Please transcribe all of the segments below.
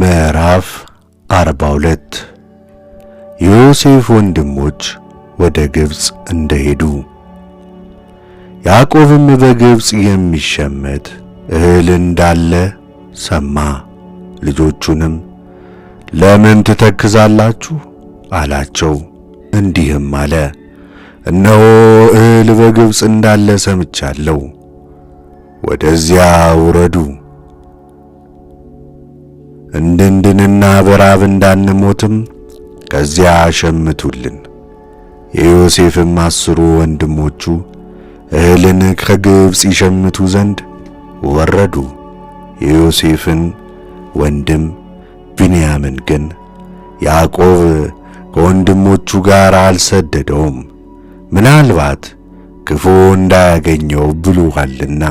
ምዕራፍ 42 የዮሴፍ ወንድሞች ወደ ግብፅ እንደሄዱ። ያዕቆብም በግብፅ የሚሸመት እህል እንዳለ ሰማ። ልጆቹንም ለምን ትተክዛላችሁ አላቸው። እንዲህም አለ፣ እነሆ እህል በግብፅ እንዳለ ሰምቻለሁ። ወደዚያ ውረዱ እንድንድንና በራብ እንዳንሞትም ከዚያ ሸምቱልን። የዮሴፍም አስሩ ወንድሞቹ እህልን ከግብፅ ይሸምቱ ዘንድ ወረዱ። የዮሴፍን ወንድም ቢንያምን ግን ያዕቆብ ከወንድሞቹ ጋር አልሰደደውም፣ ምናልባት ክፉ እንዳያገኘው ብሎአልና።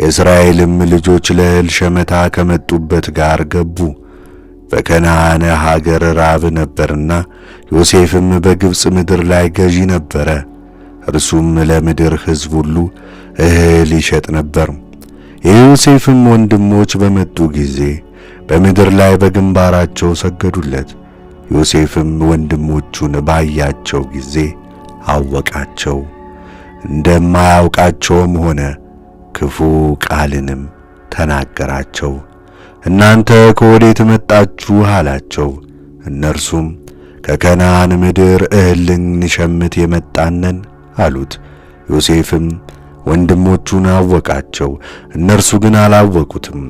የእስራኤልም ልጆች ለእህል ሸመታ ከመጡበት ጋር ገቡ። በከነዓን ሀገር ራብ ነበርና ዮሴፍም በግብፅ ምድር ላይ ገዢ ነበረ። እርሱም ለምድር ሕዝብ ሁሉ እህል ይሸጥ ነበር። የዮሴፍም ወንድሞች በመጡ ጊዜ በምድር ላይ በግንባራቸው ሰገዱለት። ዮሴፍም ወንድሞቹን ባያቸው ጊዜ አወቃቸው፣ እንደማያውቃቸውም ሆነ። ክፉ ቃልንም ተናገራቸው። እናንተ ከወዴት መጣችሁ አላቸው። እነርሱም ከከነዓን ምድር እህል ልንሸምት የመጣነን አሉት። ዮሴፍም ወንድሞቹን አወቃቸው፣ እነርሱ ግን አላወቁትም።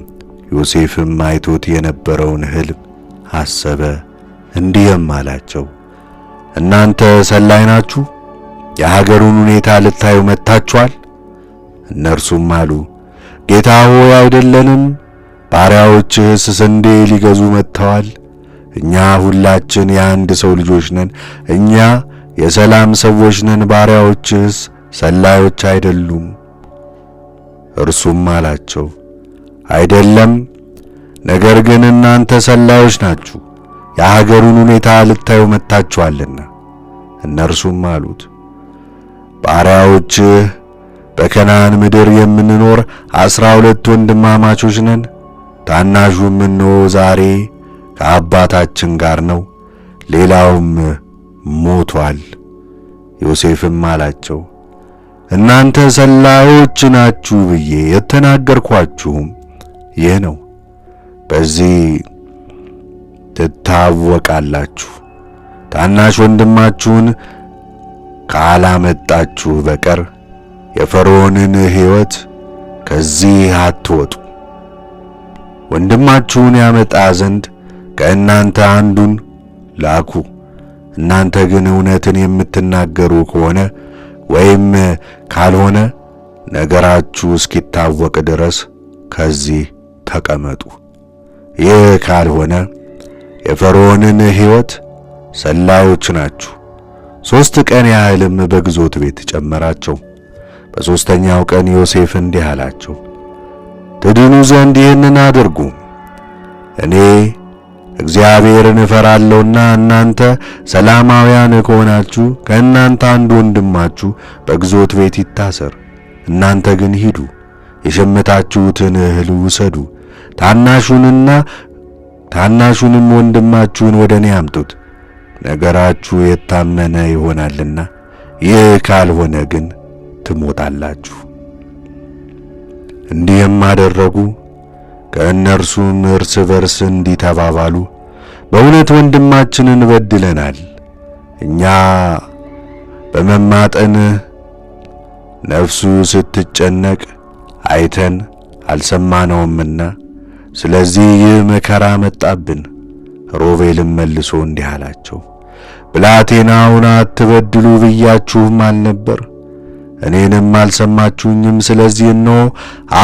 ዮሴፍም አይቶት የነበረውን ሕልም አሰበ፣ እንዲህም አላቸው፣ እናንተ ሰላይ ናችሁ፣ የሀገሩን ሁኔታ ልታዩ መጥታችኋል። እነርሱም አሉ፣ ጌታ ሆይ አይደለንም፣ ባሪያዎችህስ ስንዴ ሊገዙ መጥተዋል። እኛ ሁላችን የአንድ ሰው ልጆች ነን። እኛ የሰላም ሰዎች ነን፣ ባሪያዎችህስ ሰላዮች አይደሉም። እርሱም አላቸው፣ አይደለም፣ ነገር ግን እናንተ ሰላዮች ናችሁ፣ የሀገሩን ሁኔታ ልታዩ መጥታችኋልና። እነርሱም አሉት ባሪያዎችህ በከናን ምድር የምንኖር አስራ ሁለት ወንድማማቾች ነን። ታናሹ እነሆ ዛሬ ከአባታችን ጋር ነው፣ ሌላውም ሞቷል። ዮሴፍም አላቸው እናንተ ሰላዮች ናችሁ ብዬ የተናገርኳችሁም ይህ ነው። በዚህ ትታወቃላችሁ። ታናሽ ወንድማችሁን ካላመጣችሁ በቀር የፈርዖንን ሕይወት ከዚህ አትወጡ፣ ወንድማችሁን ያመጣ ዘንድ ከእናንተ አንዱን ላኩ። እናንተ ግን እውነትን የምትናገሩ ከሆነ ወይም ካልሆነ ነገራችሁ እስኪታወቅ ድረስ ከዚህ ተቀመጡ። ይህ ካልሆነ የፈርዖንን ሕይወት ሰላዮች ናችሁ። ሦስት ቀን ያህልም በግዞት ቤት ጨመራቸው። በሦስተኛው ቀን ዮሴፍ እንዲህ አላቸው፣ ትድኑ ዘንድ ይህንን አድርጉ። እኔ እግዚአብሔርን እፈራለሁና እናንተ ሰላማውያን ከሆናችሁ ከእናንተ አንድ ወንድማችሁ በግዞት ቤት ይታሰር። እናንተ ግን ሂዱ፣ የሸመታችሁትን እህል ውሰዱ፣ ታናሹንና ታናሹንም ወንድማችሁን ወደ እኔ አምጡት፣ ነገራችሁ የታመነ ይሆናልና። ይህ ካልሆነ ግን ትሞታላችሁ። እንዲህም አደረጉ። ከእነርሱም እርስ በርስ እንዲህ ተባባሉ፣ በእውነት ወንድማችንን በድለናል። እኛ በመማጠን ነፍሱ ስትጨነቅ አይተን አልሰማነውምና፣ ስለዚህ ይህ መከራ መጣብን። ሮቤልም መልሶ እንዲህ አላቸው፣ ብላቴናውን አትበድሉ ብያችሁም አልነበር? እኔንም አልሰማችሁኝም። ስለዚህ እነሆ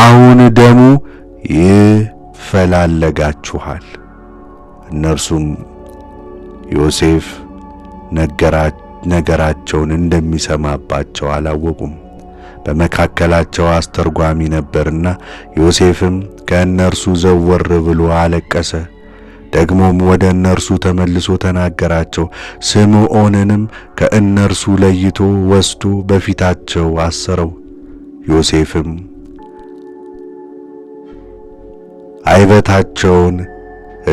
አሁን ደሙ ይፈላለጋችኋል። እነርሱም ዮሴፍ ነገራቸውን እንደሚሰማባቸው አላወቁም። በመካከላቸው አስተርጓሚ ነበርና ዮሴፍም ከእነርሱ ዘወር ብሎ አለቀሰ። ደግሞም ወደ እነርሱ ተመልሶ ተናገራቸው። ስምዖንንም ከእነርሱ ለይቶ ወስዶ በፊታቸው አሰረው። ዮሴፍም አይበታቸውን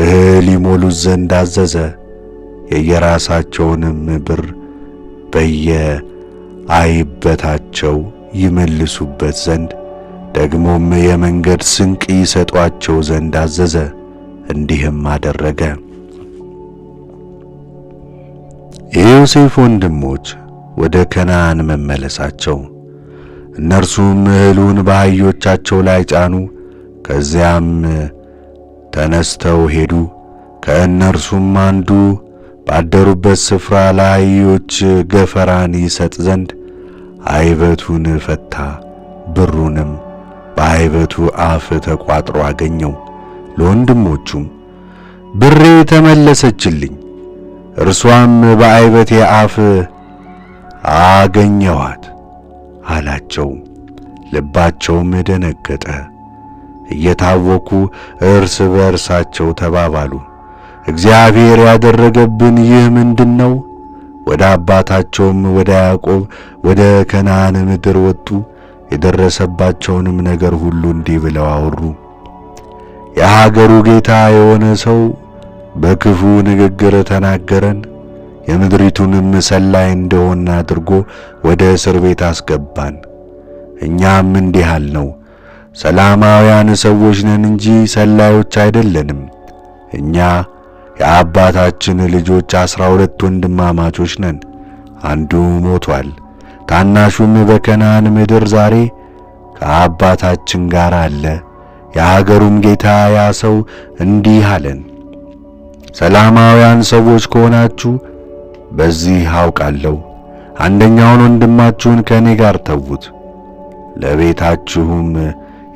እህል ይሞሉት ዘንድ አዘዘ። የየራሳቸውንም ብር በየአይበታቸው ይመልሱበት ዘንድ ደግሞም የመንገድ ስንቅ ይሰጧቸው ዘንድ አዘዘ። እንዲህም አደረገ። የዮሴፍ ወንድሞች ወደ ከነዓን መመለሳቸው። እነርሱም እህሉን በአህዮቻቸው ላይ ጫኑ። ከዚያም ተነስተው ሄዱ። ከእነርሱም አንዱ ባደሩበት ስፍራ ለአህዮች ገፈራን ይሰጥ ዘንድ አይበቱን ፈታ፣ ብሩንም በአይበቱ አፍ ተቋጥሮ አገኘው። ለወንድሞቹም ብሬ ተመለሰችልኝ፣ እርሷም በአይበቴ አፍ አገኘኋት አላቸው። ልባቸውም ደነገጠ። እየታወኩ እርስ በእርሳቸው ተባባሉ፣ እግዚአብሔር ያደረገብን ይህ ምንድን ነው? ወደ አባታቸውም ወደ ያዕቆብ ወደ ከነዓን ምድር ወጡ። የደረሰባቸውንም ነገር ሁሉ እንዲህ ብለው አወሩ። የሀገሩ ጌታ የሆነ ሰው በክፉ ንግግር ተናገረን፣ የምድሪቱንም ሰላይ እንደሆነ አድርጎ ወደ እስር ቤት አስገባን። እኛም እንዲህ አልነው፣ ሰላማውያን ሰዎች ነን እንጂ ሰላዮች አይደለንም። እኛ የአባታችን ልጆች አስራ ሁለት ወንድማማቾች ነን። አንዱ ሞቷል፣ ታናሹም በከናን ምድር ዛሬ ከአባታችን ጋር አለ። የአገሩም ጌታ ያ ሰው እንዲህ አለን፣ ሰላማውያን ሰዎች ከሆናችሁ በዚህ አውቃለሁ። አንደኛውን ወንድማችሁን ከእኔ ጋር ተዉት፣ ለቤታችሁም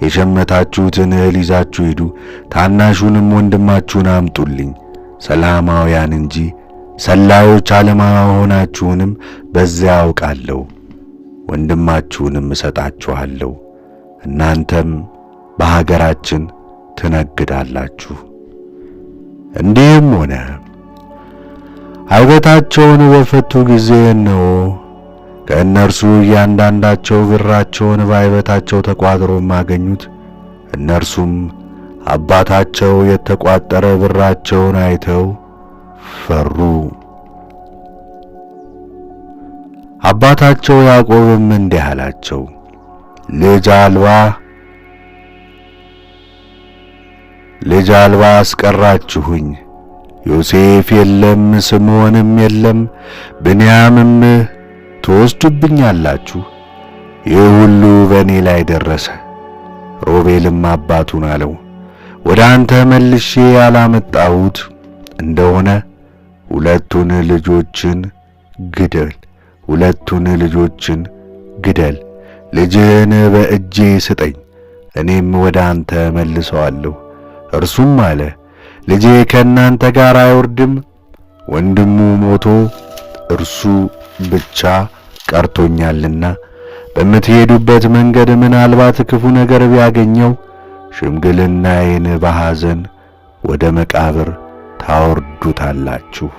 የሸመታችሁትን እህል ይዛችሁ ሂዱ። ታናሹንም ወንድማችሁን አምጡልኝ። ሰላማውያን እንጂ ሰላዮች አለመሆናችሁንም በዚያ አውቃለሁ። ወንድማችሁንም እሰጣችኋለሁ እናንተም በሀገራችን ትነግዳላችሁ። እንዲህም ሆነ አይበታቸውን በፈቱ ጊዜ እነሆ ከእነርሱ እያንዳንዳቸው ብራቸውን በአይበታቸው ተቋጥሮ አገኙት። እነርሱም አባታቸው የተቋጠረ ብራቸውን አይተው ፈሩ። አባታቸው ያዕቆብም እንዲህ አላቸው፣ ልጅ አልባ ልጅ አልባ አስቀራችሁኝ። ዮሴፍ የለም፣ ስምዖንም የለም፣ ብንያምም ትወስዱብኛላችሁ። ይህ ሁሉ በእኔ ላይ ደረሰ። ሮቤልም አባቱን አለው፣ ወደ አንተ መልሼ ያላመጣሁት እንደሆነ ሁለቱን ልጆችን ግደል፣ ሁለቱን ልጆችን ግደል። ልጅህን በእጄ ስጠኝ፣ እኔም ወደ አንተ መልሰዋለሁ። እርሱም አለ ልጄ ከእናንተ ጋር አይወርድም፣ ወንድሙ ሞቶ እርሱ ብቻ ቀርቶኛልና በምትሄዱበት መንገድ ምናልባት ክፉ ነገር ቢያገኘው ሽምግልናዬን በሐዘን ወደ መቃብር ታወርዱታላችሁ።